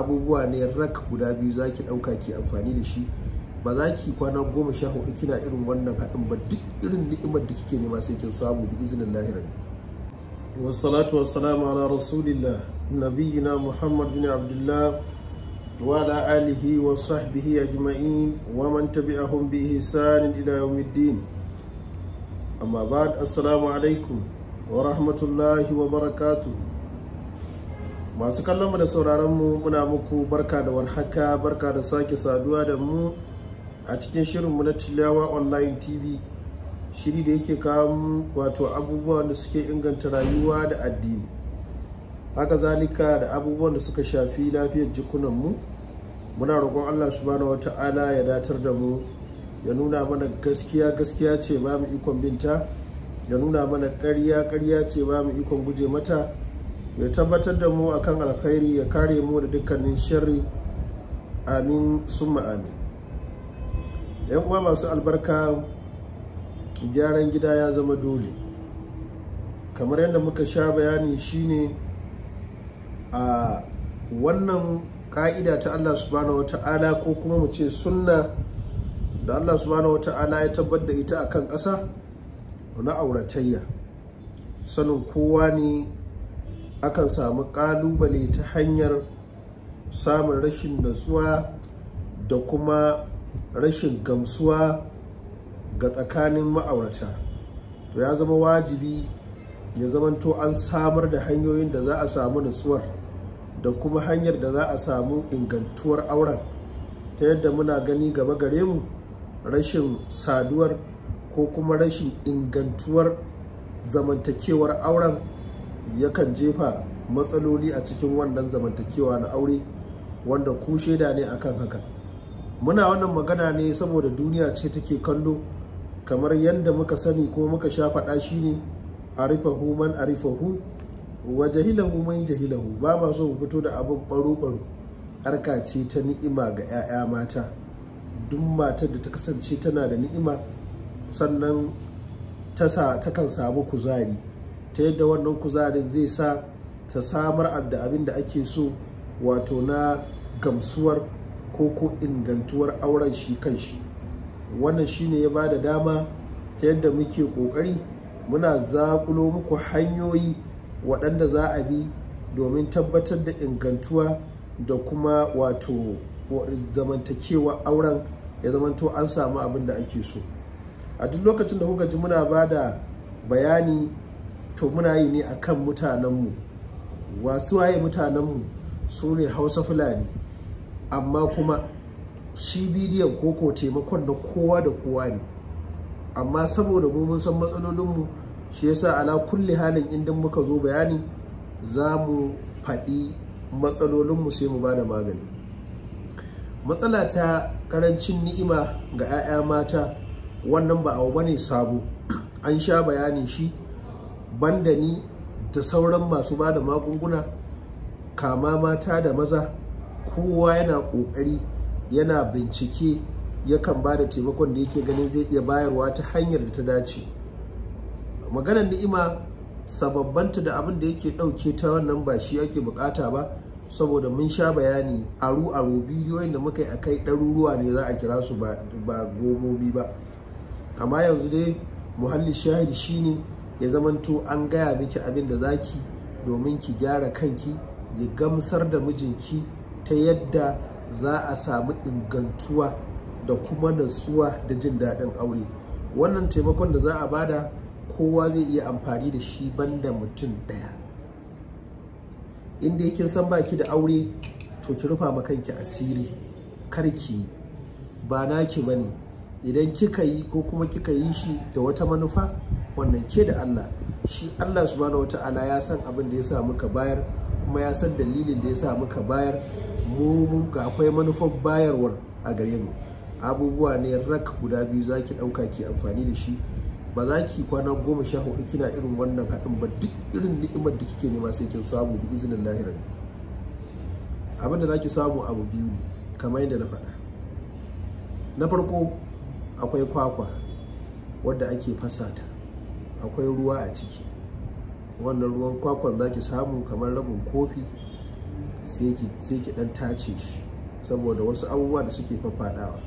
abubuwa ne rak guda biyu za ki ɗauka ki amfani da shi ba za ki kwana goma sha hudu kina irin wannan haɗin ba duk irin ni'imar da kike nema sai kin samu bi izinin lahirar ne. wassalatu wassalamu ala rasulillah nabiyina muhammad bin abdullah wa ala alihi wa sahbihi ajma'in wa man tabi'ahum bi ihsanin ila yawmiddin amma ba'd assalamu alaikum wa rahmatullahi wa barakatuh masu kallon da sauraron mu muna muku barka da warhaka barka da sake saduwa da mu a cikin shirinmu na tilawa online tv shiri da yake kawo wato abubuwan da suke inganta rayuwa da addini haka zalika da abubuwan da suka shafi lafiyar jikunanmu muna roƙon allah subhanahu wa ta'ala ya datar da mu ya nuna mana gaskiya gaskiya ce ba mu ikon binta ya nuna mana ƙarya ƙarya ce ba mu ikon guje mata ya tabbatar da mu akan alkhairi ya kare mu da dukkanin shirri amin summa amin yan uwa masu albarka gyaran gida ya zama dole kamar yadda muka sha bayani shine a wannan ka'ida ta Allah subhanahu wata'ala ko kuma mu ce sunna da Allah subhanahu wata'ala ya tabbat da ita akan ƙasa na auratayya sanin kowa ne akan samu ƙalubale ta hanyar samun rashin natsuwa da kuma rashin gamsuwa ga tsakanin ma'aurata to ya zama wajibi ya zamanto an samar da hanyoyin da za a samu natsuwar da kuma hanyar da za a samu ingantuwar auren ta yadda muna gani gaba gare mu rashin saduwar ko kuma rashin ingantuwar zamantakewar auren yakan jefa matsaloli a cikin wannan zamantakewa na aure wanda ku shaida ne akan haka muna wannan magana ne saboda duniya ce take kallo kamar yadda muka sani ko muka sha faɗa shi ne a rufahu man rufahu, wa jahilahu man jahilahu ba ma so fito da abin baro-baro. harka ce ta ni'ima ga 'ya'ya mata duk matar da ta kasance tana da ni'ima sannan ta kan samu kuzari ta yadda wannan kuzarin zai sa ta samar da abin da ake so wato na gamsuwar ko ko ingantuwar auren shi kan shi wannan shine ya da dama ta yadda muke kokari muna zakulo muku hanyoyi waɗanda za a bi domin tabbatar da ingantuwa da kuma wato zamantakewa auren ya zamanto an samu abin da ake so a duk lokacin da kuka ji muna ba da bayani to muna yi ne a kan mutanenmu wasu waye mutanenmu su ne hausa fulani amma kuma shi bidiyon koko taimakon na kowa da kowa ne amma saboda mu mun san matsalolinmu shi yasa ala kulli halin inda muka zo bayani za mu faɗi matsalolinmu sai mu ba da magani matsala ta karancin ni'ima ga 'ya'ya mata wannan ba abu bane sabo an sha bayanin shi banda ni da sauran masu ba da magunguna kama mata da maza kowa yana ƙoƙari yana bincike yakan ba da taimakon da yake ganin zai iya bayarwa ta hanyar da ta dace maganar ni'ima sababbanta da abin da yake ɗauke ta wannan ba shi yake bukata ba saboda mun sha bayani aru aru bidiyoyin da muka yi a kai ɗaruruwa ne za a kira su ba gomobi ba amma yanzu dai muhalli shahidi shine ya zamanto an gaya miki abin da zaki domin ki gyara kanki ya gamsar da mijinki ta yadda za a samu ingantuwa da kuma natsuwa da jin daɗin aure wannan taimakon da za a bada kowa zai iya amfani da shi banda mutum ɗaya inda yake san baki da aure to ki rufa ma kanki asiri kar ki ba naki bane idan kika yi ko kuma kika yi shi da wata manufa wannan ke da Allah shi Allah subhanahu wata'ala ya san abin da ya sa muka bayar kuma ya san dalilin da ya sa muka bayar mu ga akwai manufar bayarwar a gare mu abubuwa ne rak guda biyu za ki ɗauka ki amfani da shi ba za ki kwana goma sha hudu kina irin wannan haɗin ba duk irin ni'imar da kike nema sai kin samu bi izinin lahirar ne abin da za ki samu abu biyu ne kamar yadda na faɗa na farko akwai kwakwa wadda ake fasa ta akwai ruwa a ciki wannan ruwan kwakwan za ki samu kamar rabin kofi sai ki dan tace shi saboda wasu abubuwa da suke fafadawa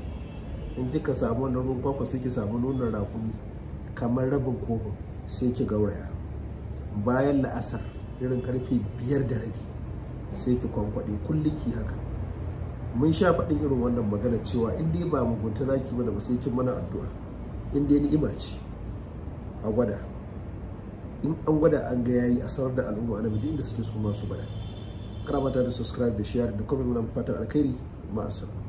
in kika samu wannan ruwan kwakwa sai ki samu nonon rakumi kamar rabin kofin sai ki gauraya bayan la'asar irin karfe biyar da rabi sai ki kwankwaɗe kullum ki haka mun sha faɗin irin wannan magana cewa in ba mugunta zaki mana ba sai kin mana addu'a in dai ni'ima ce a gwada in an gwada an ga yayi a sanar da al'umma a nabi inda suke su ma su gwada kana mata da subscribe da share da comment muna fatan alkhairi ma'assalam